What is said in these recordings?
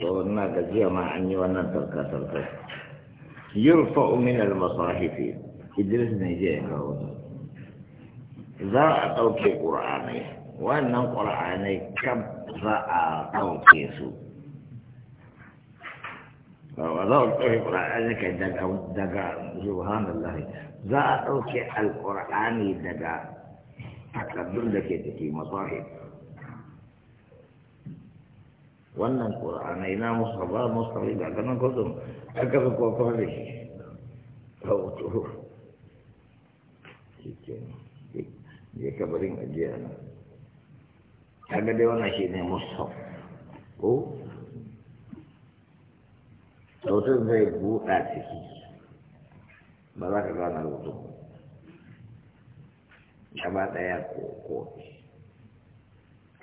قلنا كذي ما عني وانا تركا تركا يرفع من المصاحف يدرس نجاه كون ذا توكي قراني وانا قراني كم ذا توكي سو وذا توكي قراني كدقا دقا سبحان الله ذا توكي القراني دقا takaddun da ke ciki masahib wannan ƙura'anai ina musamman musamman ga ganin kudin aka fi kwakwa da shi rahoto shi ke je kabarin ajiya na kaga dai wannan shi ne musamman ko sautin zai buɗa ciki ba za ka gane rubutu gaba ɗaya ko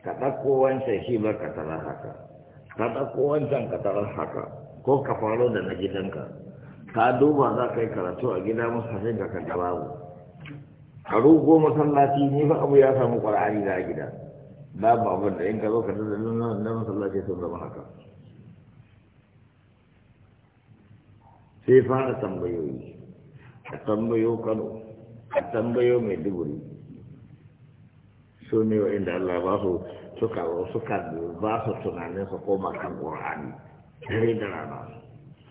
ka ɗauko wancan shi ba ka tarar haka ka ɗauko wancan ka tarar haka ko ka faro da na gidanka ka duba za ka yi karatu a gida masallacin ka ka babu a rugo masallaci ni fa abu ya samu kwarari da a gida babu abin da in ka zo ka tada na masallaci sun zama haka sai fara tambayoyi ka tambayo kano ka tambayo mai maiduguri su ne inda Allah ba su suka suka ba su tunanin su koma kan ƙur'ani dare da rana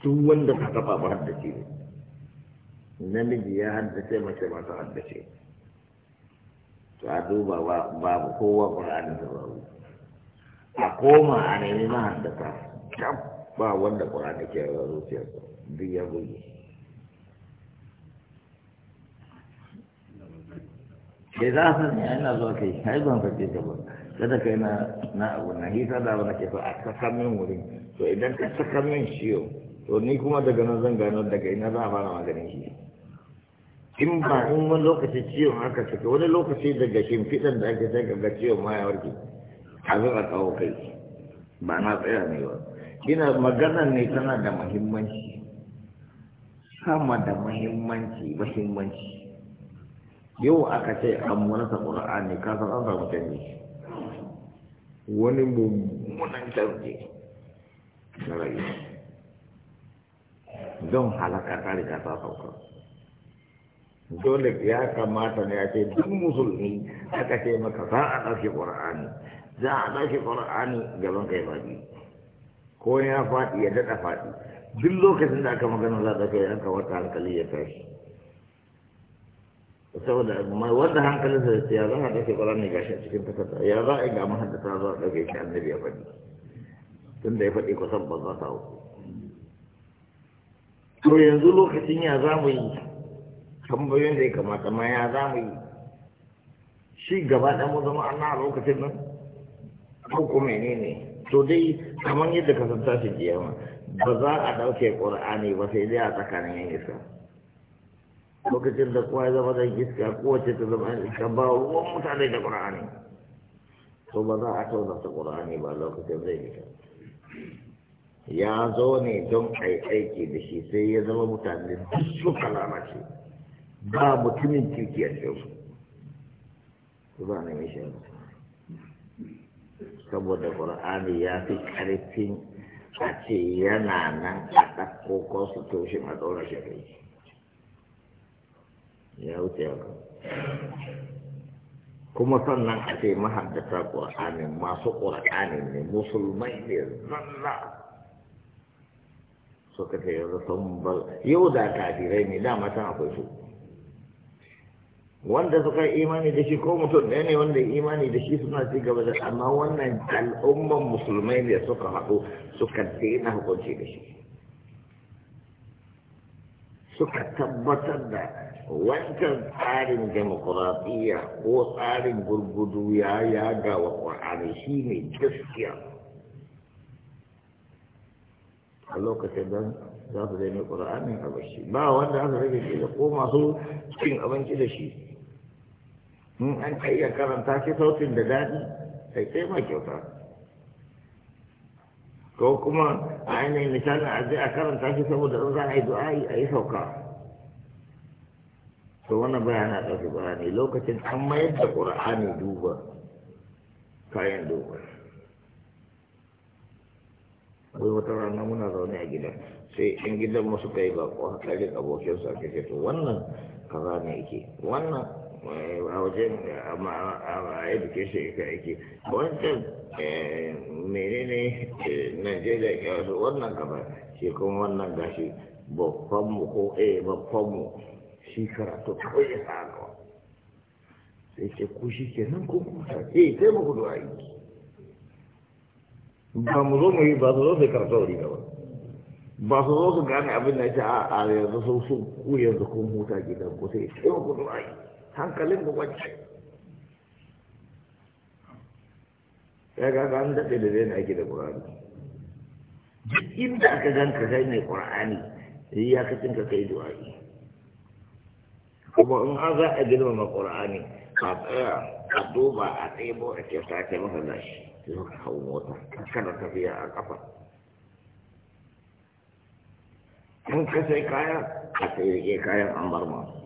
su wanda ka taba ba haddace ne namiji ya haddace mace ba ta haddace to a duba ba kowa ƙur'ani da babu a koma a nemi mahaddata ba wanda ƙur'ani ke zuciyarsa duk ya buge ke za su ne ina zuwa kai yi ban fake ka ba kada kai na na abu na hisa da abu na ke so a saka min wurin to idan ka saka min ciwo to ni kuma daga nan zan gano daga ina za a fara maganin shi in ba in wani lokaci ciwon aka saka wani lokaci daga shimfiɗan da ake sai ga ciwon ma ya warke kafin a kawo kai ba na tsaya ne ba ina magana ne tana da muhimmanci sama da muhimmanci muhimmanci yau aka ce an munasa ƙura'ani kasar an samu canji wani mummunan canji na rayuwa don halaka ta riga ta sauka dole ya kamata ne a ce duk musulmi aka ce maka za a ɗauke ƙura'ani za a ɗauke ƙura'ani gaban kai faɗi ko ya faɗi ya daɗa faɗi duk lokacin da aka magana za a ɗauke yanka ta hankali ya tashi saboda wanda hankalinsa da ya za a ɗauke ƙwararren gashi a cikin takarda ya za a ga mahadda za a ɗauke shi annabi ya faɗi tun da ya faɗi kusan ba za ta uku to yanzu lokacin ya za mu yi tambayoyin da ya kamata ma ya za mu yi shi gaba ɗan mu zama an a lokacin nan ko ko ne ne to dai kamar yadda ka san tashi kiyama ba za a ɗauke ƙwararren ba sai dai a tsakanin yan iska lokacin da kowa ya zama zai iska kowace ta zama iska ba ruwan mutane da ƙur'ani to ba za a taunata ƙur'ani ba lokacin zai fita ya zo ne don ai aiki da shi sai ya zama mutane duk suka lalace ba mutumin kirki a cikin su ba na mishi saboda ƙur'ani ya fi ƙarfin a ce yana nan a ɗauko su toshe a ɗora shi kai ya wuce haka kuma sannan a ce mahaddata ƙur'anin masu ƙur'anin ne musulmai ne zalla suka ce yanzu sun bar yau da kafirai ne dama can akwai su wanda suka yi imani da shi ko mutum ɗaya ne wanda imani da shi suna ci gaba da amma wannan al'umman musulmai ne suka haɗu suka daina hukunci da shi suka tabbatar da wancan tsarin demokuraɗiyya ko tsarin gurgudu ya yaga wa ƙwararri shi ne gaskiya a lokacin don za su zai ne ƙwararri a bashi ba wanda aka rage shi da ko masu cin abinci da shi in an iya karanta shi sautin da daɗi sai kai ma kyauta ko kuma a ainihin misalin a a karanta shi saboda in za a yi du'a'i a yi sauka to wannan bayana ɗauki bayani lokacin an mayar da ƙur'ani duba kayan duba wai wata rana muna zaune a gidan sai in gidan mu suka yi bako haka abokinsa ka ce to wannan kaza ne yake wannan Eh, a wajen a education ka yake wancan eh, menene eh, najeriya ya wasu wannan gaba shi kuma wannan gashi babbanmu ko eh babbanmu shi karatu kawai ya sa gaba sai ce ku shi ke nan ko kusa yi sai mu kudu yi ba mu zo mu yi ba su zo sai karatu wuri gaba ba su zo su gane abin da ya ce a yanzu sun su ku yanzu kun huta gidan ku sai sai mu kudu yi. hankalin mu wacce ya ga an daɗe da zai na ake da ƙur'ani duk inda aka gan ka kai mai ƙur'ani ya kacin ka kai du'a'i kuma in an za a girmama ƙur'ani a tsaya a duba a ɗebo a ce sake masa gashi sai suka hau mota kada tafiya a ƙafa in ka sai kaya a sai rike kayan an bar ma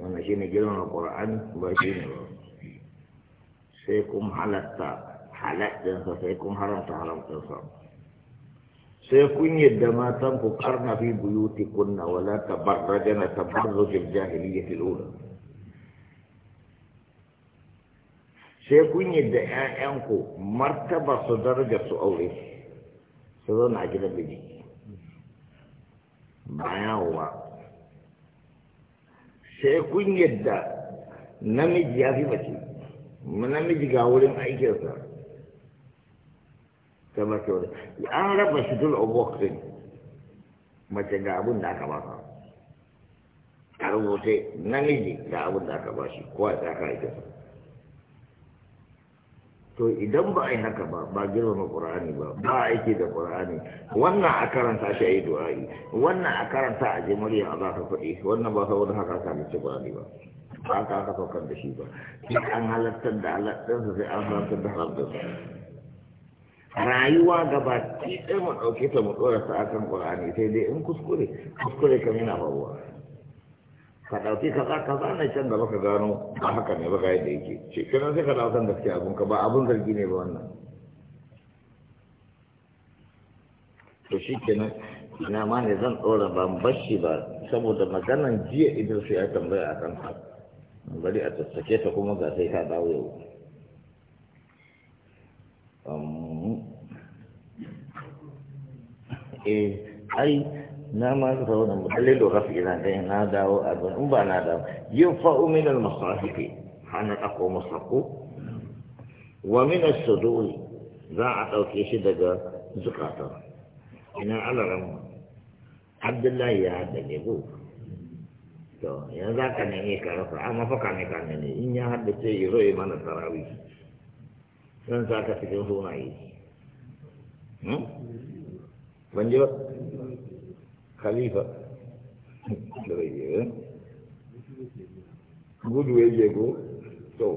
wannan shine girman Qur'ani ba shine ba sai kun halatta halatta sa sai kun haramta haramta sa sai kun yadda matan ku karna fi buyuti kunna wala tabarrajana tabarrujil jahiliyyati al-ula sai kun yadda ƴaƴanku martaba su daraja su aure su zauna a gidan biki ba yawo ba sai kun yadda namiji ya fi mace namiji ga wurin aikinsa ta mace wani an raba shi dul obok din mace ga abin da aka baka a rubuce namiji ga abin da aka ba shi kowa ya tsaka aikinsa to idan ba a yi haka ba ba girma qur'ani ba ba aiki da qur'ani wannan a karanta shi a yi du'a'i wannan a karanta a je murya a zaka kuɗi wannan ba saboda haka ka mace qur'ani ba ba ka haka saukar da shi ba sai an halartar da halartarsa sai an halartar da halartarsa rayuwa gaba ki ɗaya mu ɗauke ta mu ɗora sa akan qur'ani sai dai in kuskure kuskure kam yana faruwa ka ɗauki kaza kaza ne can da baka gano ba haka ne ba baka yadda yake shekaran sai ka dawo da suke abun ka ba abun zargi ne ba wannan to shi kenan ina ma ne zan ɗora ban bashi ba saboda maganan jiya idan sai ya tambaya a kanka bari a tattake ta kuma ga sai ka dawo yau eh, ai na ma su sau da mutallin lokaci ina ɗaya na dawo abin in ba na dawo yin fa'o min al-masahifi hannun ako masako wa min al-suduri za a ɗauke shi daga zukata ina alaran abdullahi ya haɗa ne ko to yanzu za ka nemi ka rasa amma fa ne ka nemi in ya haɗa ce yi zo mana tarawih zan sa ka cikin sunaye hmm? ban ji ba khalifa da zai yi gudu ya je go to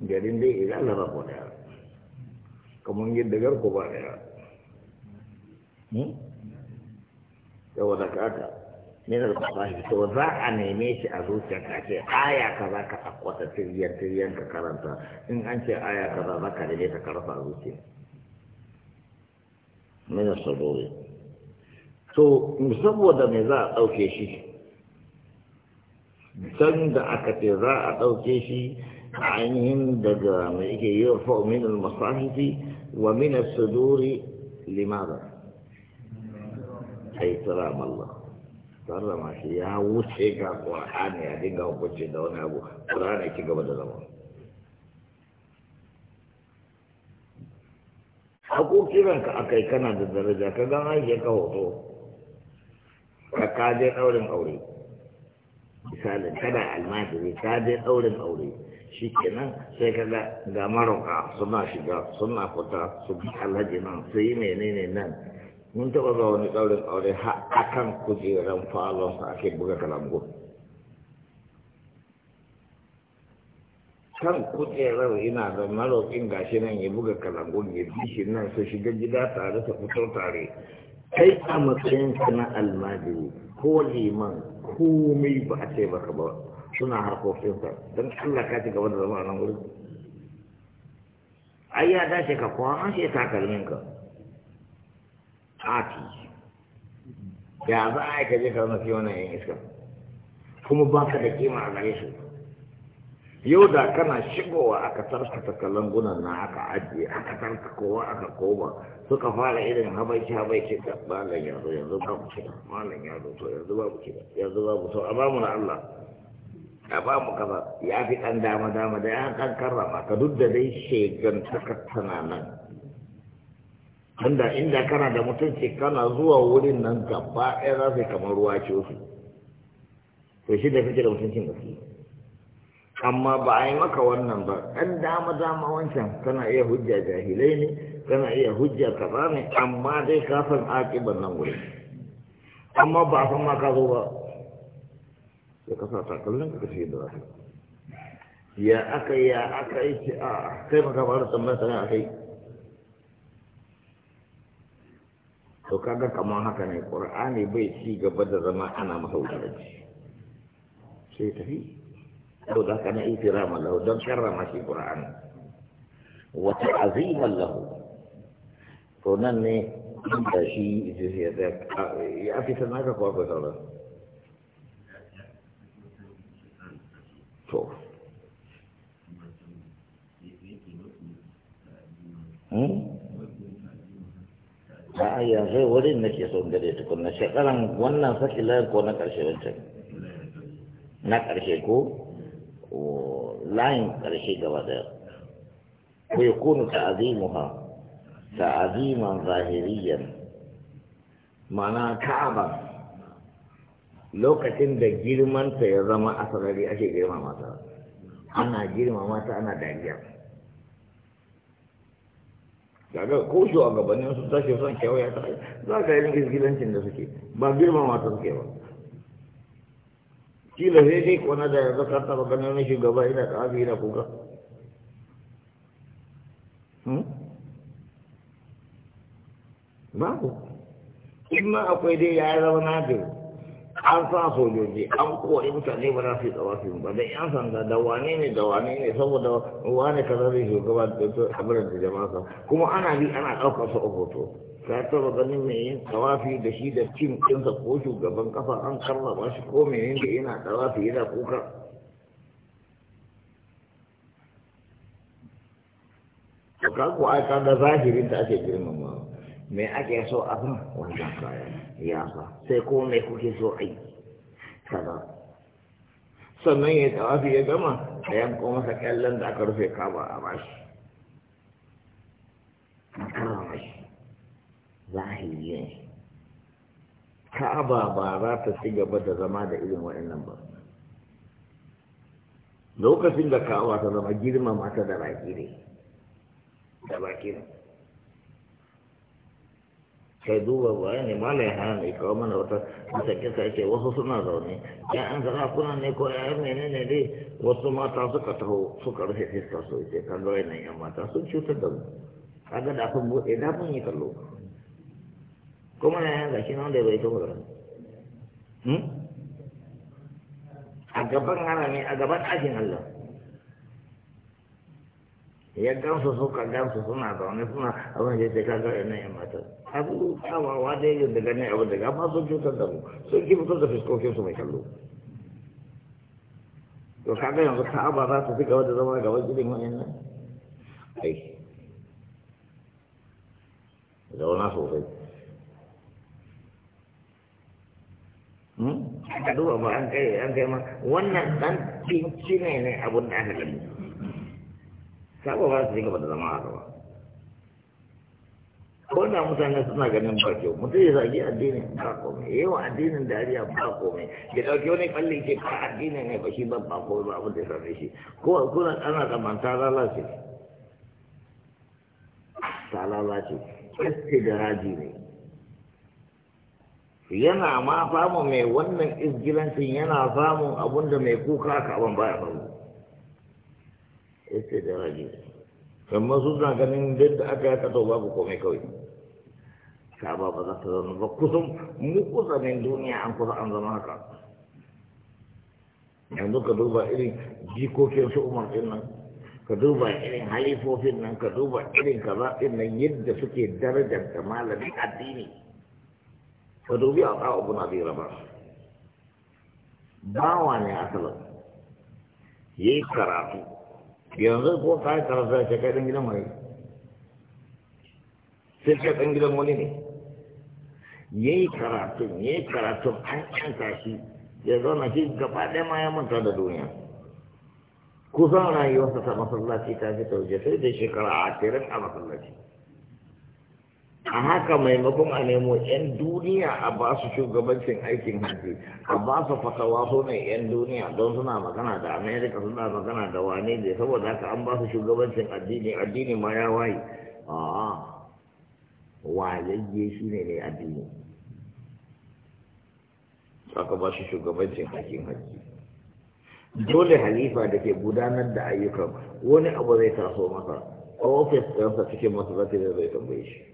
garin dai idan na rabo daya kamar yadda garko ba daya yau da kaka ne da ba shi to za a neme shi a zuciya ka ce aya kaza ka akwata tiriyar tiriyar ka karanta in an ce aya kaza za ka rage ka karanta a zuciya min sadori to saboda me za a ɗauke shi can da aka ce za a ɗauke shi ainihin daga mai ike yi wa fa'omin al-masahifi wa min as-suduri limaza ai tsara Allah sarrama shi ya wuce ga ƙwarhani ya dinga hukunci da wani abu ƙwarhani ki gaba da zama haƙoƙiranka a kai kana da daraja ka gan aiki ka hoto ka je ɗaurin aure misali kada almajiri ka je ɗaurin aure shi kenan sai kaga ga maroka suna shiga suna fita su bi alhaji nan su yi menene nan mun taɓa zuwa wani ɗaurin aure ha kan kujeran falon ake buga kalango kan kujerar ina da maroƙin gashi nan ya buga kalangon ya bi shi nan su shiga gida tare su fito tare kai a matsayinka na almajiri ko liman komai ba a ce baka ba suna harkokinsa don Allah ka ci gaba da zama a nan wurin ai ya dace ka kwashe takalminka ati ya za a yi ka je ka zama fiye wannan yan iska kuma ba ka da kima a gare su yau da kana shigowa aka tarkata kalangunan na aka ajiye aka tarka kowa aka koma suka fara irin habaici habaici da malam ya yanzu ba mu kira malam ya to yanzu ba mu kira yanzu ba mu to a ba mu na Allah a ba mu kaza ya fi dan dama dama da ya kan karrama ka duk da dai shegan tana nan tunda inda kana da mutunci kana zuwa wurin nan gaba ɗaya za su kamar ruwa ce su to shi da kake da mutuncin gaske. amma ba a yi maka wannan ba ɗan dama dama wancan tana iya hujja jahilai ne tana iya hujja kaza ne amma dai ka san aƙiban nan wuri amma ba a san ma ka zo ba sai ka sa takalmin ka kashe da wasu ya aka ya aka yi ce a kai maka fara tambayar sanar a yi to kaga kamar haka ne ƙur'ani bai ci gaba da zama ana masa wutarci sai tafi saboda haka na lahu don karrama shi qur'ani wa ta'zima lahu to nan inda shi ya fi sanaka ko ba sauran to hmm? a yanzu wurin na ke son gare tukun na shekaran wannan sakilar ko na ƙarshe wancan na ƙarshe ko layin ƙarshe gaba da bai kunu ta'azimuha aziman zahiriyan mana ka'aba lokacin da girmanta ya zama asarari ake girma mata ana girma mata ana dariya daga ko shugabannin su tashi son kyau ya ta za ka yi izgilancin da suke ba girma mata suke ba kila sai dai kona da yanzu ka taba ganin na shugaba ina da abi ina kuka hmm? babu in ma akwai dai ya zama nadir an sa sojoji an kori mutane ba za su yi tsawafin ba dai yan sanda da wane ne da wane ne saboda wane kaza zai shugaba da abin da jama'a kuma ana bi ana ɗaukar su a hoto ka taba ganin mai yin tawafi da shi da cin kinsa ko shugaban kafa an karrama shi ko mai yin da yana tawafi yana kuka ka ku a kaga zahirin ta ake girmama me ake so a san wannan kaya ya ba sai ko mai kuke so ai kaza sannan ya tawafi ya gama a yanko masa kyallon da aka rufe kaba a bashi shi zahiri ne ka'aba ba za ta ci gaba da zama da irin waɗannan ba lokacin da ka'aba ta zama girmama ta da baki ne da baki ne sai duba bayan ne malai hana ne kawo mana wata masakin sa wasu suna zaune ya'yan kuna ne ko ya'yan mene ne dai wasu mata suka taho suka rufe fiska su ce kan nan yan mata sun cutar da mu kaga da kun buɗe da mun yi kallo kuma na yan gashi nan da bai ta wurin hmm? a gaban harami a gaban ajin Allah ya gansu suka gansu suna zaune suna abin da ya ka ga ina yan mata abu kawawa da yau daga ne abu daga amma sun cutar da mu sun da fiskokin su mai kallo to kaga yanzu za ta fi gaba da zama gaban gidan wa'in nan ai zauna sosai ka duba ba an kai an kai ma wannan dan pinci ne ne abun da aka gani sabo ba su gaba da zama a gaba ko na mutane suna ganin ba kyau mutum ya zagi addini ba komai yawan addinin dariya ba komai ya dauki wani kalli ce ka addini ne ba shi ba ba komai ba abin da sarrafa shi ko kuna ana zamanta lalace ta lalace istidaraji ne yana ma samu mai wannan izgilancin yana samun abun da mai kuka kaban baya samu yace da rage kamar su na ganin yadda aka yi kato babu komai kawai ka ba za ta zama ba kusan mu kusanin duniya an kusa an zama haka yanzu ka duba irin jikokin su umar din nan ka duba irin halifofin nan ka duba irin kaza din nan yadda suke darajar da malamin addini ka dubi a tsawo abu na biyar ba bawa ne asalin ya yi karatu yanzu ko ka yi karatu ya ce kai ɗan gidan wani sai kai ɗan gidan wani ne ya yi karatu ya yi karatu an canta shi ya zauna shi gaba ɗaya ma ya manta da duniya kusan rayuwarsa ta masallaci ta fi tauje sai da shekara a a masallaci a haka maimakon a nemo 'yan duniya a ba su shugabancin aikin hajji a ba su fatawa su ne 'yan duniya don suna magana da amerika suna magana da wane ne saboda haka an ba su shugabancin addini addini ma ya waye a wayayye shi ne ne addini aka ba su shugabancin aikin hajji dole halifa da ke gudanar da ayyukan wani abu zai taso masa ofis ɗansa cikin masu zafi zai tambaye shi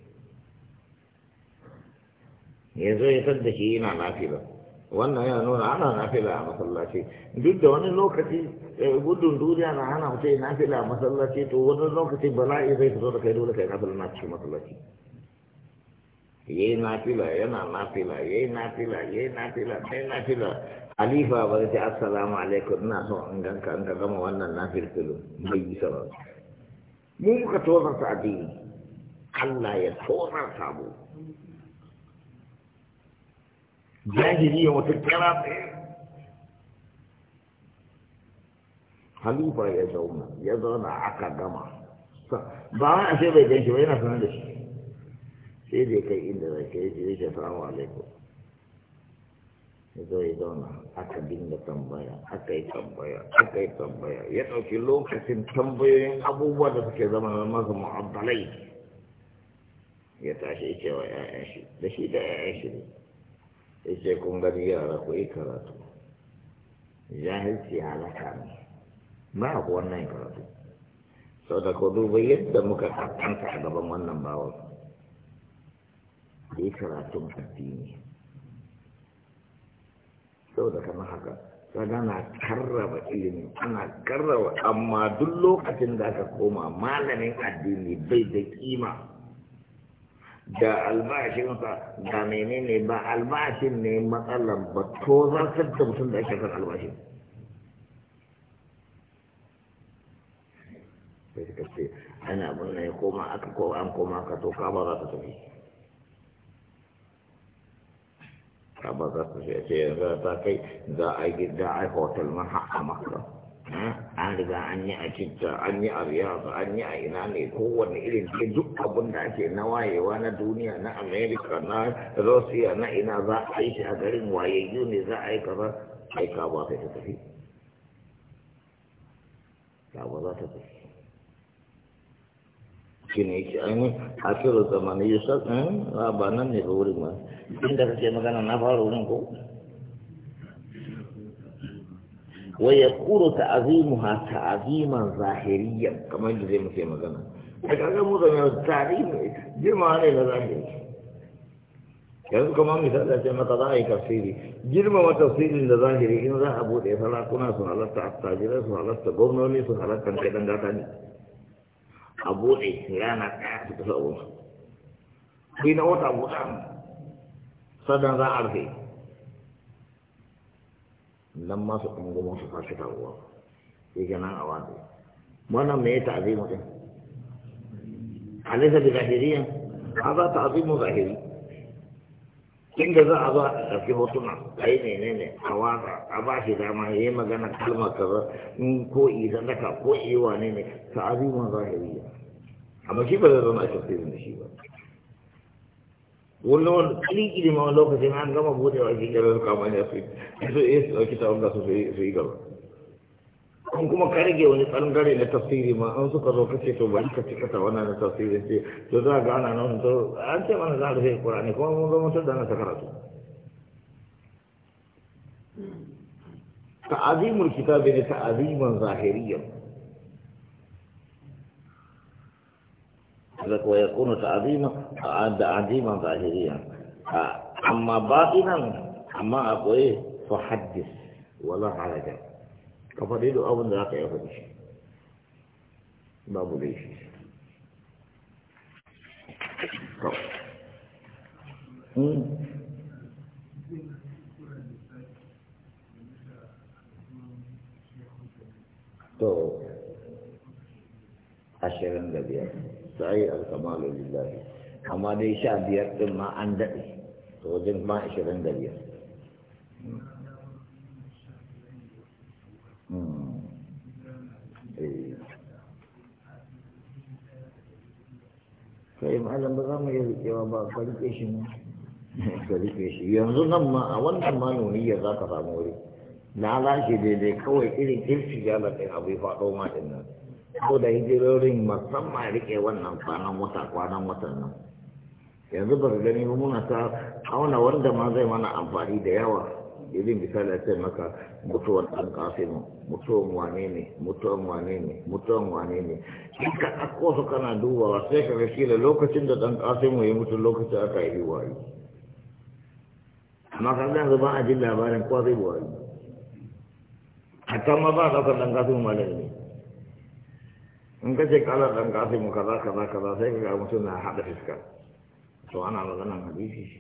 ya zo ya da shi yana nafila wannan yana nuna ana nafila a masallaci duk da wani lokaci eh, gudun duniya na hana mutum nafila a masallaci to wani lokaci bala'i zai fito da kai dole kai nafila na cikin masallaci ya yi nafila yana nafila ya yi nafila ya yi nafila ya yi nafila halifa ba zai ce assalamu alaikum ina so in ganka in ka gama wannan nafilfilu bai yi sabon mu muka tozarta addini Allah ya tozarta mu jahili ya mutu kira tsaye halifa ya zauna ya zauna aka gama ba wani ashe bai gan shi ba yana sanar da shi sai dai kai inda zai kai shi yake salamu alaikum ya zo ya zauna aka dinga tambaya aka yi tambaya aka yi tambaya ya ɗauki lokacin tambayoyin abubuwa da suke zama na masa mu'abbalai ya tashi ya ce 'ya'yan shi da shi da 'ya'yan shi ne ce kun gani yara ku yi karatu jahilci halaka ne ba ku wannan karatu sau da ku duba yadda muka kakkanta a gaban wannan bawan da yi karatun addini sau da kama haka sada na karraba ilimi ana karraba amma duk lokacin da aka koma malamin addini bai da kima da albashinsa da menene ba albashin ne matsalar ba to zartar da mutum da ake kan albashin sai suka ce ana murna ya koma aka ko an koma ka to kaba za ta tafi kaba za ta tafi a ce yanzu ta kai za a yi da a hotel ma har a makka an riga an yi a citta an yi a riyadu an yi a ina ne kowane irin ke duk abin da ake na wayewa na duniya na america na russia na ina za a yi shi a garin wayayyu ne za a yi kaza aika ba ta tafi ba za ta tafi shi ne yake an hakiru zamanin yusuf eh, ba nan ne ba wurin ba inda kake magana na fara wurin ko wa yaqulu ta'zimuha ta'ziman zahiriyan kamar da zai muke magana da kaga mu zama kuma misali ce mata za a yi tafsiri girmama tafsirin da zahiri in za a buɗe sarakuna su halatta attajirai su halatta gwamnoni su halatta kai dan a buɗe su kusa nan masu ɗangumin su fasu taruwa sai ga a wani wannan mai ta'azimu din alaisa bi zahiriyan hada ta'azimu zahiri inda za a zo a ɗauki hotuna a yi ne ne a watsa a ba shi dama ya yi magana kalmar kaza in ko i sadaka ko i wane ne ta'azimu zahiriya amma shi ba zai zama a shafirin da shi ba wani kali ne ma lokacin an gama budewa shi kirar kama ne su su iya su ɗauki tawon gasu su yi gaba an kuma ka rage wani ɓangare na tafsiri ma an suka zo kace to bari ka cika ta wannan na tafsiri ce to za ga ana nan to an ce mana za a rufe kurani kuma mun zo mutum da na ta karatu hmm. ta'azimul kitabi ne aziman zahiriyar لك ويكون تعظيما عظيما ظاهريا أما باطنا أما أقوي إيه؟ فحدث ولا حرج كفريد أو ذاك يفرش باب ليش طب تو الا الله صحيح الكمال لله كما ليس بيرت ما عندك توجد ما يشغل عندك كيف هذا بغم يجواب فلك ايش فلك ايش ينظر ما اول ما نوني ذاك فاموري لا لا شيء دي دي كوي كيري كيف شجالك ابي فاطمه ko da hijirorin musamman rike wannan kwanan wata kwanan watan nan yanzu ba gani muna ta auna wanda ma zai mana amfani da yawa irin misali a ce maka mutuwan ɗan kafin mutuwan wane ne mutuwan wane ne mutuwan wane ne in ka ɗauko su kana dubawa sai ka gashi da lokacin da ɗan kafin ya mutu lokacin aka yi wayi amma ka ga ba a jin labarin kwa zai wayi hatta ma ba a ɗaukar ɗan kafin malami ne in ka ce kala dan mu kaza kaza kaza sai ka ga mutum na haɗa fiska to ana maganan hadisi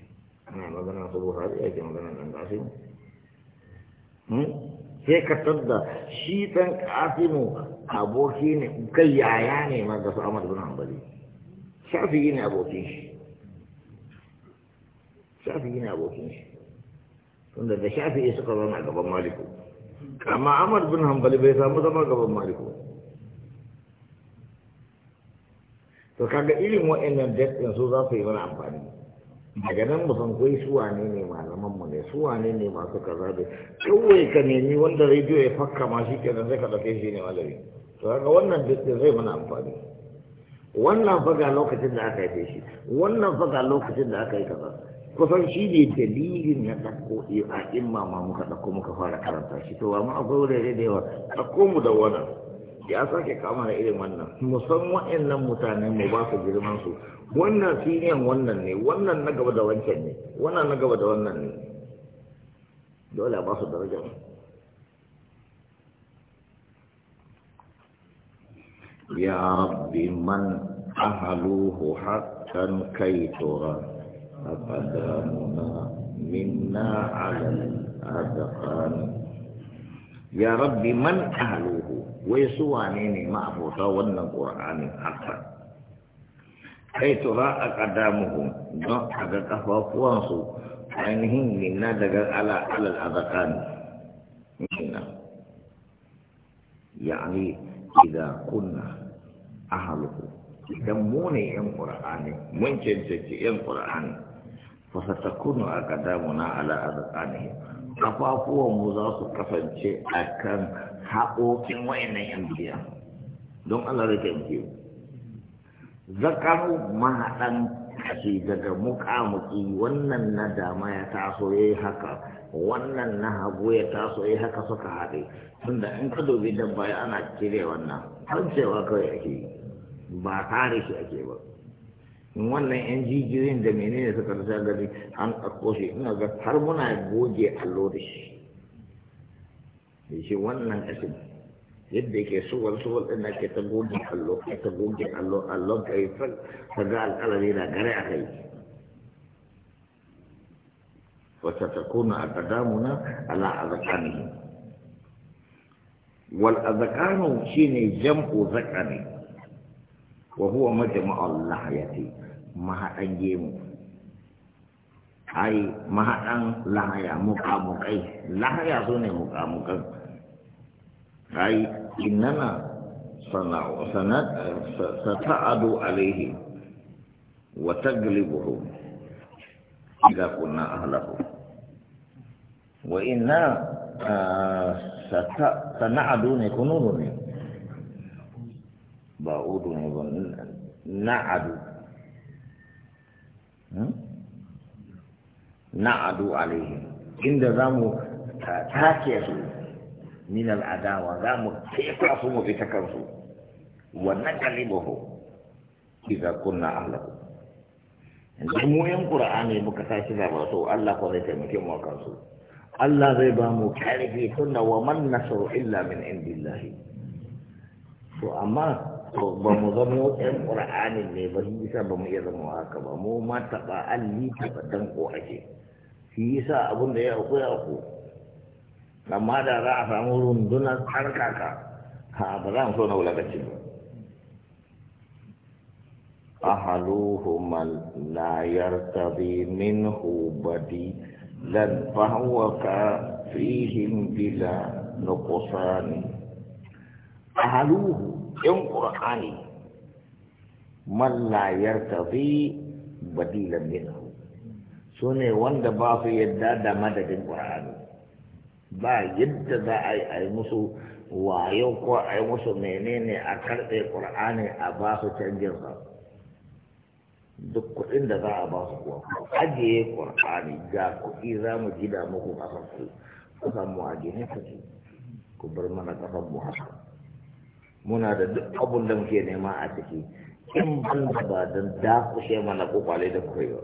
ana maganan su buhari ake maganan dan mu hmm? sai ka tadda shi dan mu aboki ne kai yaya ne ma ga su amadu bin hanbali yi ne abokin shi Shafi yi ne abokin shi tunda da shafi suka zama a gaban maliku amma amadu bin hanbali bai samu zama gaban maliku to kaga irin wa'annan dattin su za su yi mana amfani daga nan mu san kai su wane ne malaman mu ne su wane ne masu kaza da kawai ka nemi wanda rediyo ya fakka ma shi kenan zai ka dauke shi ne malami to kaga wannan ɗin zai mana amfani wannan faga lokacin da aka yi shi wannan faga lokacin da aka yi kaza kusan shi ne dalilin na ɗauko a imma ma muka ɗauko muka fara karanta shi to amma akwai wurare da yawa ɗauko mu da wannan ya sake kama da irin wannan musan wa'annan mutane mu ba su girman su wannan siniyan wannan ne wannan na gaba da wancan ne wannan na gaba da wannan ne dole a ba su daraja ya rabbi man ahaluhu haqqan kai tura aqdamuna minna ala adqan ya rabbi man ahaluhu wai su wane ne ma'abota wannan ƙur'anin harfa kai tura a ƙadamuhu don a ga ƙafafuwansu ainihin minna daga ala alal azakani ya ne idan kunna ahaluhu idan mu ne yan ƙur'ani mun cancanci yan fasata kunu a ƙadamuna ala azakani ƙafafuwanmu za su kasance a kan haƙoƙin wa'annan yan biya don Allah da taimake mu zakaru mahaɗan kashi daga muƙamuƙi wannan na dama ya taso ya yi haka wannan na hagu ya taso ya yi haka suka haɗe tunda in ka dubi dabba ya ana cire wannan har cewa kawai ake yi ba kare shi ake ba wannan yan jijiyoyin da menene suka rasa gari an ɗauko shi ina ga har muna goge allo da shi shi wannan asin yadda yake suwar suwar ɗin ake ta goge allo ta goge allo allo ka yi fal ka ga alƙalami na gare a kai wata ta kuna a kadamuna ala azakani wal azakanu shine jam'u zakani wa huwa majma'u lahayati mahaɗan gemu ai mahaɗan lahaya muƙamuƙai lahaya su ne muƙamuƙan ai innana sata'adu alaihi wa taglibuhu idza kunna ahlahu wa inna ah, sana'adu ne kununu ne ba udu ne ba na'adu hmm? na adu alaihi inda zamu take su min al'adawa zamu kefa su mu fita kansu wa naqalibuhu idza kunna Allah yanzu mu yan qur'ani muka tashi da ba to Allah ko zai taimake mu Allah zai ba mu karfi tunda wa man nasru illa min indillahi to amma to ba mu zama yan ƙura'anin ne ba shi yasa ba mu iya zama haka ba mu ma taɓa alli taɓa dan ko ake shi yasa abin da ya auku ya auku amma da za a samu rundunar harkaka ha ba za mu so na wulakanci ba أحدهما لا يرتضي منه بديلا فهو فيهم بلا نقصان أهلوه in ƙur'ani mallayar tafi badilan minhu su ne wanda ba su yadda da madadin ƙur'ani ba yadda za a yi ai musu wayo ko a musu menene a karɓe ƙur'ani a ba su canjin sa duk kuɗin da za a ba su kuwa ku ajiye ƙur'ani ga kuɗi za mu gida muku ƙasar ku ƙasar mu a gine ku bar mana ƙasar mu haka muna da duk abun da muke nema a ciki in ban da ba don dakushe mana kokwale da kwaiwa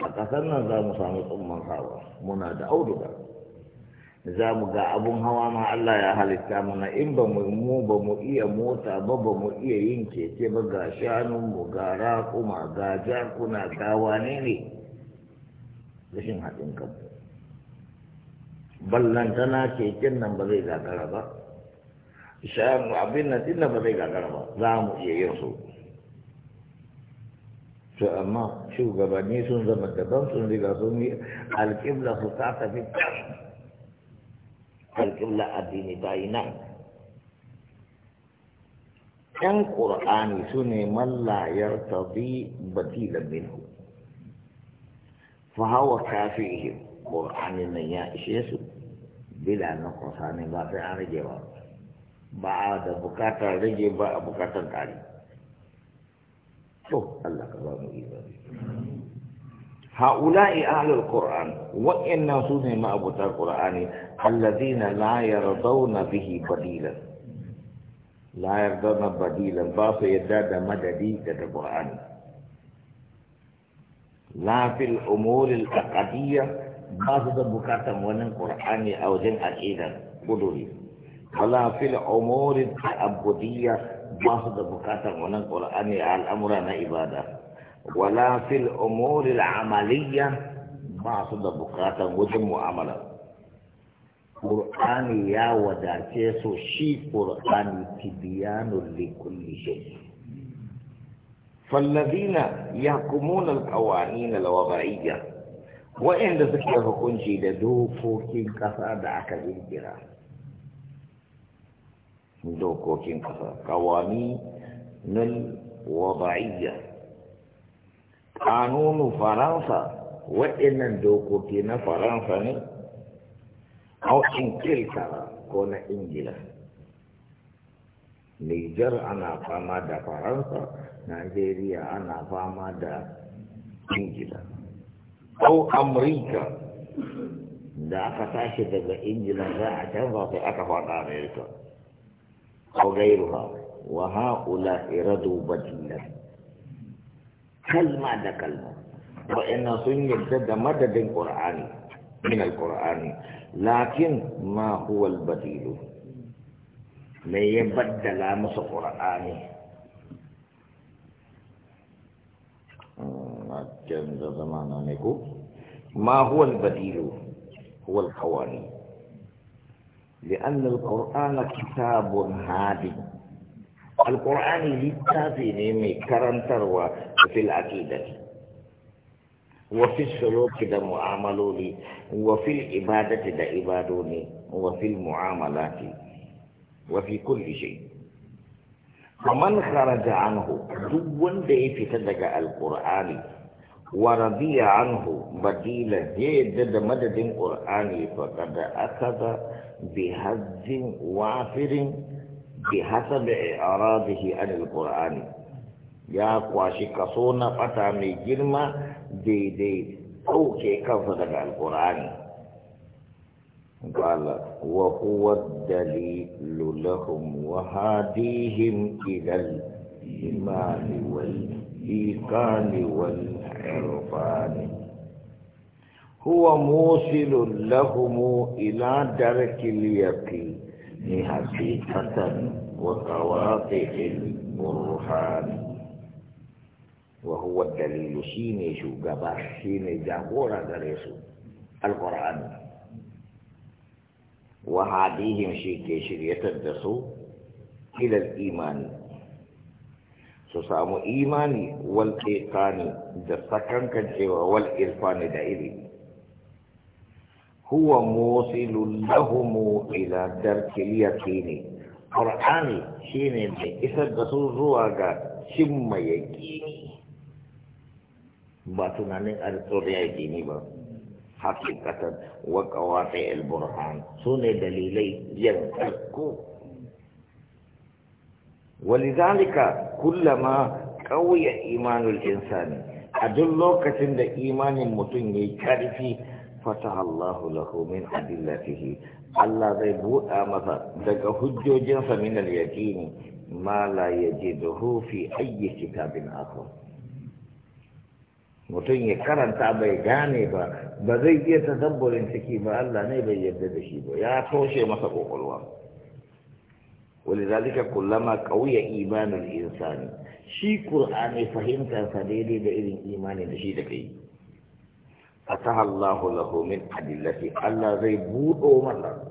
a ƙasar nan za mu samu tsumman hawa muna da auduga za mu ga abun hawa ma Allah ya halitta mana in ba mu mu ba mu iya mota ba ba mu iya yin keke ba ga mu ga raƙuma ga jakuna ga wane ne rashin haɗin kanmu ballantana keken nan ba zai gagara ba shan abin nan din ba zai gagara ba za mu iya yin su to amma shugabanni sun zama daban sun riga sun yi alƙibla su ta tafi can alƙibla addini ta yi nan ƴan ƙur'ani su ne mallayar tabi batilan minhu fa hawa kafihim ƙur'anin nan ya ishe su bila na ƙur'ani ba sai an rage ba بعد بكاتا bukatar rage ba a bukatar kare to هؤلاء أهل القرآن وإن سنة ما أبو القرآن الذين لا يرضون به بديلا لا يرضون بديلا باف يداد مددي القرآن لا في الأمور الأقادية باف بكاتا من القرآن أو جن عقيدا قدري ولا في الأمور التعبدية باخد بكاتا من القرآن على الأمر أنا عباده ولا في الأمور العملية باخد بكاتا وجم معاملة قرآن يا كيسو شي قرآن تبيان لكل شيء فالذين يحكمون القوانين الوضعية وإن ذكر حكم شيء دوفوكين كفا دعك dokokin kasa kawani nan wada'iyya kanunu faransa waɗannan dokoki na faransa ne au inkiltara ko na ingila Nijar ana fama da Faransa, Najeriya ana fama da Ingila. Ko amurika da aka tashi daga Ingila za a canza sai aka faɗa Amerika. أو غيرها وهؤلاء ردوا بدلا كلمة كلمة وإن سن يجدد مدد القرآن من القرآن لكن ما هو البديل ما يبدل مس القرآن أمم، ما هو البديل هو القوانين لأن القرآن كتاب هادي القرآن للتافين من كرم تروى في العقيدة وفي السلوك دا معاملوني وفي العبادة دا عبادوني وفي المعاملات وفي كل شيء فمن خرج عنه دون ده في تدقى القرآن ورضي عنه بديلا جيد مدد القرآن فقد أخذ بهز وافر بحسب إعراضه عن القرآن يا قواشي قصونا فتا من جرمة دي دي أوكي كفر القرآن قال وهو الدليل لهم وهاديهم إلى الإيمان والإيقان والإيمان عرفان هو موصل لهم إلى درك اليقين حقيقة وقواطع البرهان وهو الدليل شيني شو جبا شيني جهورا دريسو القرآن وهديهم شيكي شرية الدسو إلى الإيمان su samu imani wal iqani da sakankan cewa wal irfani da iri. huwa musilun lahumu ila darkil yaqini qur'ani shine mai isar da su zuwa ga cimma yaqini ba tunanin arzuri yaqini ba hakikatan wa qawati al burhan sune dalilai yan ku? walidhalika kullama qawiya imanul insani a duk lokacin da imanin mutum yayi karfi fatahallahu lahu min adillatihi Allah zai buɗa masa daga hujjojin sa min al yaqini ma la yajiduhu fi ayyi kitabin akhar mutum ya karanta bai gane ba ba zai iya tadabburin ciki ba Allah ne bai yarda da shi ba ya toshe masa ƙwaƙwalwa. ولذلك كلما قوي إيمان الإنسان شي قرآن فهمت فديدي بإذن إيمان الشيء دكي فتح الله له من أدلة ألا زي بوء مرة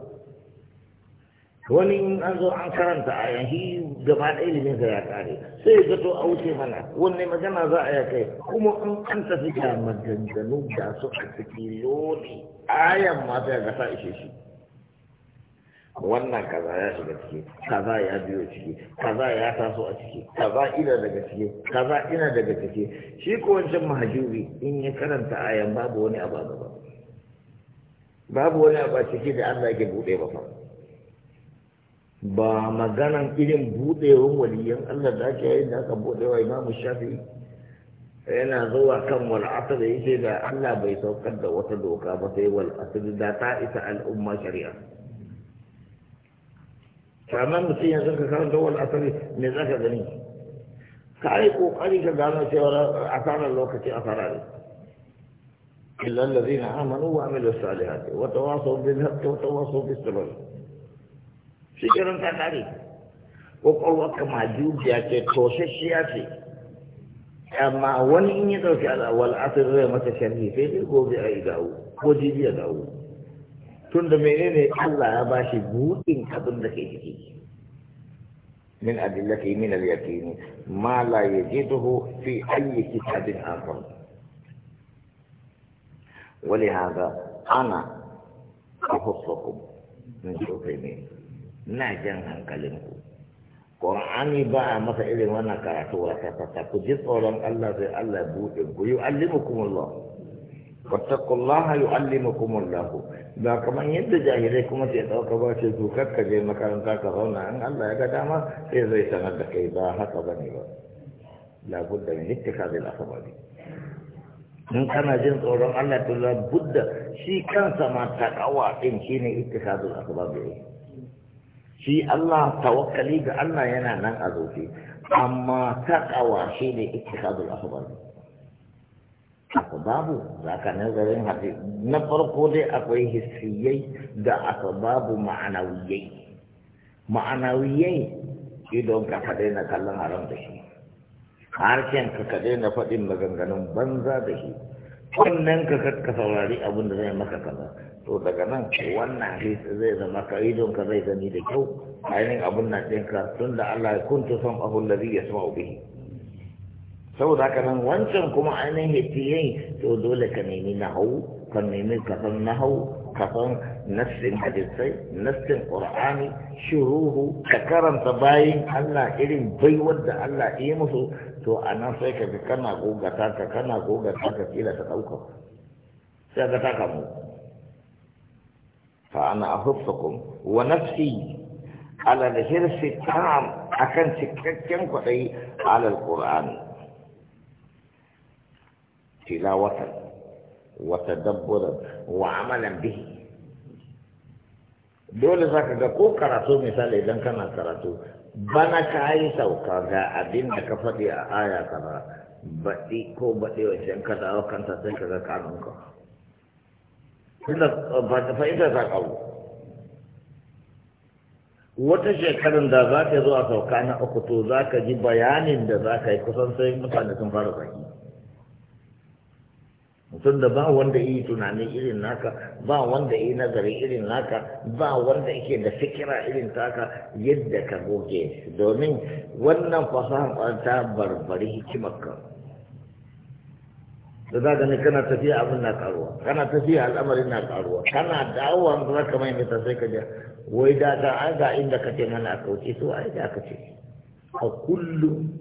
wani in an zo an karanta a yanki gaba ɗaya ilimin da ya kare sai ya zato a wuce mana wanne magana za a ya kai kuma in an tafi ga maganganu da su a cikin lodi ayan ma sai ga ta ishe shi wannan kaza ya shiga ciki kaza ya biyo ciki kaza ya taso a ciki kaza ina daga ciki kaza ina daga ciki shi ko wancan mahajuri in ya karanta ayan babu wani abu a gaba babu wani abu a ciki da Allah yake bude ba fa ba maganan irin buɗewan waliyan Allah da ake yi da aka wa imamu shafi yana zuwa kan wal asr yake da Allah bai saukar da wata doka ba sai wal asr da ta isa al'umma shari'a كمان مسيح نزل كسر دو الأصلي نزل كذني كأيك وكذي كذان سيارة أثار الله كتي أثار عليه إلا الذين آمنوا وعملوا الصالحات وتواصوا بالحق وتواصوا بالصبر سيكرن كذاري وقال الله كما جوب ياتي توسي سياسي أما وني إني على والعطر ما تشنيه فيه قوضي أي داو قوضي بي داو tun da menene Allah ya ba shi buɗin abin da ke ciki min adillati min al-yaqin ma la yajiduhu fi ayyi kitabin akhar wa li hadha ana ahussukum min shukrimi na jan hankalin ku ba a masa irin wannan karatu wa ta ta Allah sai Allah ya buɗe ku yu'allimukumullah واتقوا الله يعلمكم الله ba kamar yadda jahilai kuma ke ɗauka ba ce to kakka je makaranta ka zauna in Allah ya ga dama sai zai sanar da kai ba haka ba ne ba labudda min ittikazil asbabi in kana jin tsoron Allah to labudda shi kansa ma takawa din shine ittikazil asbabi shi Allah tawakkali ga Allah yana nan a zuci amma takawa shine ittikazil asbabi Aku babu za ka nazarin haɗe na farko dai akwai hissiyai da aka babu ma'anawiyai ma'anawiyai idon ka ka daina kallon haram da shi harshen ka ka daina faɗin maganganun banza da shi kunnen ka ka saurari abin da zai maka kaza to daga nan wannan zai zama ka idon ka zai gani da kyau ainihin abin nan ɗinka tun da Allah ya kuntu son abun da zai ya sama saboda haka nan wancan kuma ainihin fiye to dole ka nemi na hau ka nemi na hau kasan nassin hadisai nassin qur'ani shuruhu ka karanta bayin Allah irin bai wadda Allah ya musu to a nan sai ka fi kana gogata ka kana gogata ka kila ta ɗauka sai ka ta kamu fa ana ahuffakum wa nafsi ala da hirsi ta'am akan cikakken kwaɗayi ala alƙur'ani tilawatan وتدبرا amalan به dole za ka ga ko karatu misali idan kana karatu bana ka yi sauka ga abin da ka faɗi a aya kaza baɗi ko baɗi wajen ka dawo kanta sai ka ga kanunka fa'ida za ka wu wata shekarun da za ka zo a sauka na uku to za ka ji bayanin da za ka yi kusan sai mutane sun fara zaki mutum da ba wanda yi tunani irin naka ba wanda yi nazari irin naka ba wanda yake da fikira irin taka yadda ka goge domin wannan fasahar ta barbari hikimarka da za gani kana tafiya abin na karuwa kana tafiya al'amarin na karuwa kana dawowa za ka mai mita sai ka ja wai da ta an ga inda ka ce mana a kauce to ai da ka ce a kullum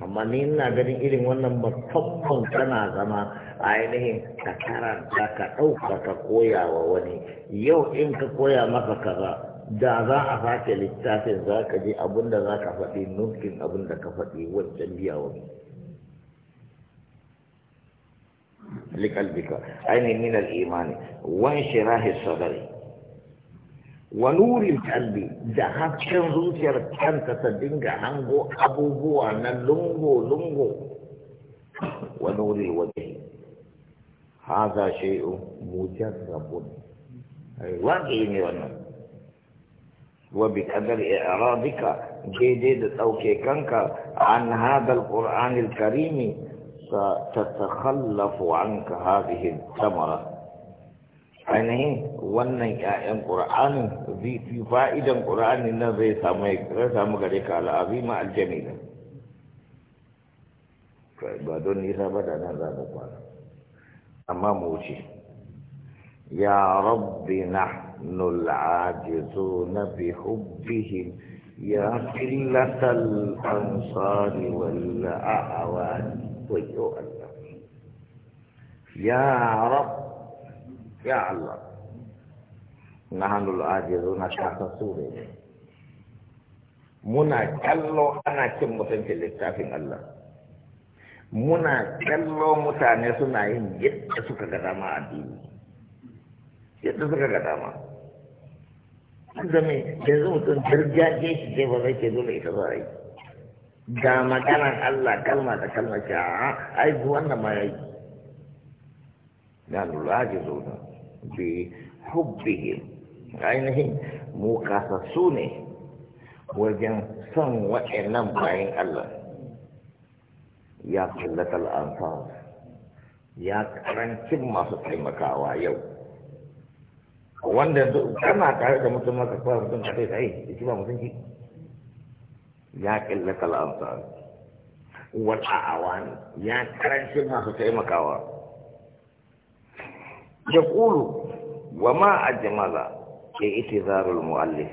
amma ni ina ganin irin wannan musamman tana zama a ainihin ka karanta ka ɗauka ka koya wa wani yau in ka koya maka kaza da za a sake littafin za ka je abin da za ka faɗi nufin abin da ka faɗi wancan biya wani likalbika ainihin min al'imani wani shirahi sadari wa nurin kalbi da hasken zuciyar kanta ta dinga hango abubuwa na lungo-lungo wa nurin waje haza shai'u mujarrabun waƙi ne wannan wa bi kadar i'radika daidai da tsauke kanka an hadal qur'anil karimi sa tatakhallafu anka hadhihi tamara ainihin wannan ƴaƴan ƙur'anin zai fi fa'idan ƙur'anin nan zai samu zai samu gare ka al'azima aljamila ba don nisa ba da nan za mu kwana amma mu wuce ya rabbi nahnu al'ajizuna bi hubbihim ya qillatal ansari wal a'wani wa ya Allah ya rabbi ya Allah nahanul ajizuna kasasure muna kallo ana cin mutuncin littafin Allah muna kallo mutane suna yin yadda suka ga dama addini yadda suka ga dama zame yanzu mutum gargaje shi zai ba zai ke dole ita za a yi ga maganan Allah kalma da kalma ce a ai wannan ma yayi na lura ji zo fi hubbihi ainihi mu kasa su ne wajen son wa'annan bayan Allah ya kallata al'amsa ya karancin masu taimakawa yau wanda kana tare da mutum masu kwa mutum kai sai sai shi ba mutum shi ya kallata al'amsa wal a'awani ya karancin masu taimakawa. يقول وما أجمل اعتذار المؤلف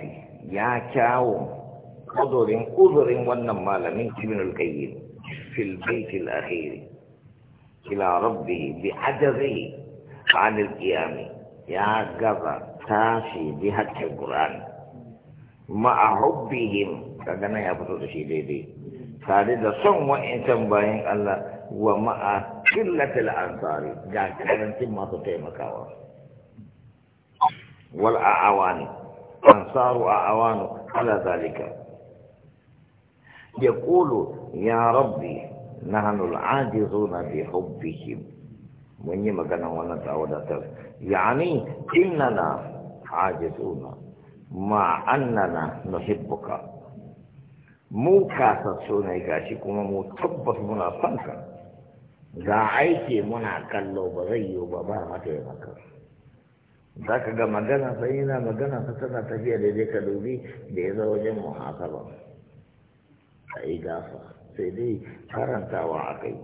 يا كاو قدر قدر والنمال من ابن القيم في البيت الأخير إلى ربه بعجزه عن القيام يا قضى تاشي بهك القرآن مع حبهم كذا يا فتوة شيء دي دي تاريد باين الله ومع قلة الأنصار جاء كانت ما تتمكوا والأعوان أنصار أعوان على ذلك يقول يا ربي نحن العاجزون في حبهم من يمكن أن نتعود يعني إننا عاجزون مع أننا نحبك مو كاسة إيكاشي كما مو تبص منافنك ga aiki muna kallo ba zai yiwu ba ba mata ya maka za ka ga magana sai yana magana ta tana tafiya da zai ka dubi da ya zo wajen muhasaba a yi gafa sai dai karantawa a kai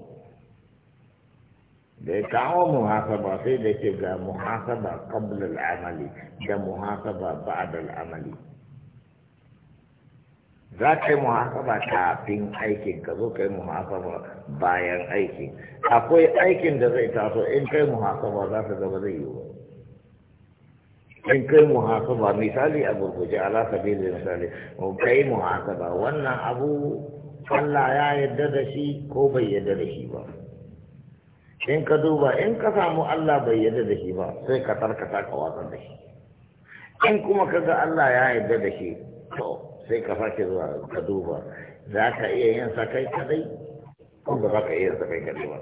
da ya kawo muhasaba sai da ke ga muhasaba qabla al'amali da muhasaba ba'da al'amali za ka yi muhasaba kafin aikin ka zo ka yi muhasaba bayan aikin akwai aikin da zai taso in kai ba za ta zama zai yiwu in kai ba misali a gurguje ala sabili misali kai ba wannan abu Allah ya yarda da shi ko bai yarda da shi ba in ka duba in ka samu Allah bai yarda da shi ba sai ka tarkata ka watsar da shi in kuma ka ga Allah ya yarda da shi to sai ka sake zuwa ka duba za ka iya yin sa kai kadai ko ba za ka iya yin sa kai kadai ba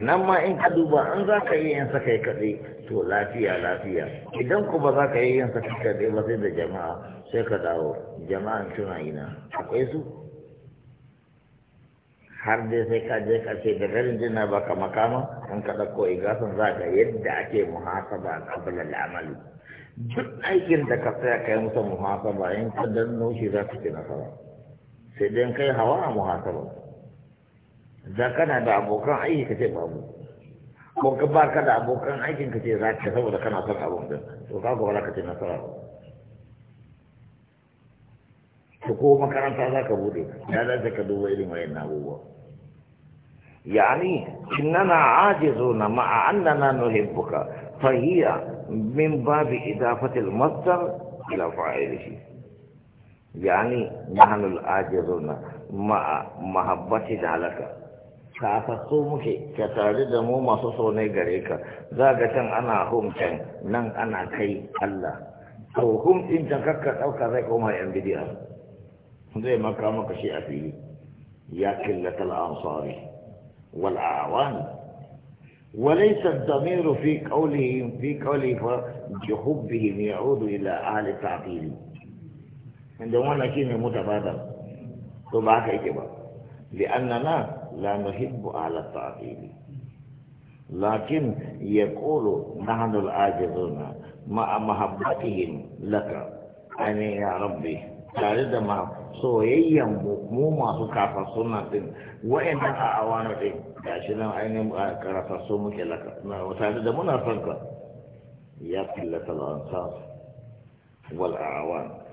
nan ma in ka duba an za ka iya yin sakai kaɗai to lafiya lafiya idan ku ba za ka iya yin sakai kaɗai ba sai da jama'a sai ka dawo jama'an suna ina akwai su har dai sai ka je ƙarshe da garin jina ba ka makama an ka ɗauko igasan za ka yadda ake muhasaba kabla al'amali duk aikin da ka tsaya kai musa muhasaba in ka danno shi za ka ci nasara sai dai kai hawa a muhasaba da kana da abokan aiki ka ce babu ko ka ba ka da abokan aikin ka ce za ka saboda kana son abin din to ka ga ka ce nasara ba to ko makaranta za ka bude ya dace ka duba irin wayan abubuwa yani innana ajizuna ma'a annana nuhibbuka fa hiya min babi idafati al-masdar ila fa'ilihi yani nahnu al-ajizuna ma'a mahabbati dalaka kafassu muke ka tare da mu masu so gare ka zaga can ana humcin nan ana kai Allah to humcin can kakka dauka zai koma yan bidiya zai maka maka shi a fili ya killata ansari wal awani وليس الضمير في قوله في قوله بحبهم يعود الى اهل التعطيل عندما نكين متبادل فما هيك لاننا لا نحب على التعطيل لكن يقول نحن العاجزون مع محبتهم لك أني يا ربي تارد ما soyayyan mu masu kafasuna din wa'annan a awano din gashi nan ainihin karafasu muke laka tare da muna fanka ya fillata wal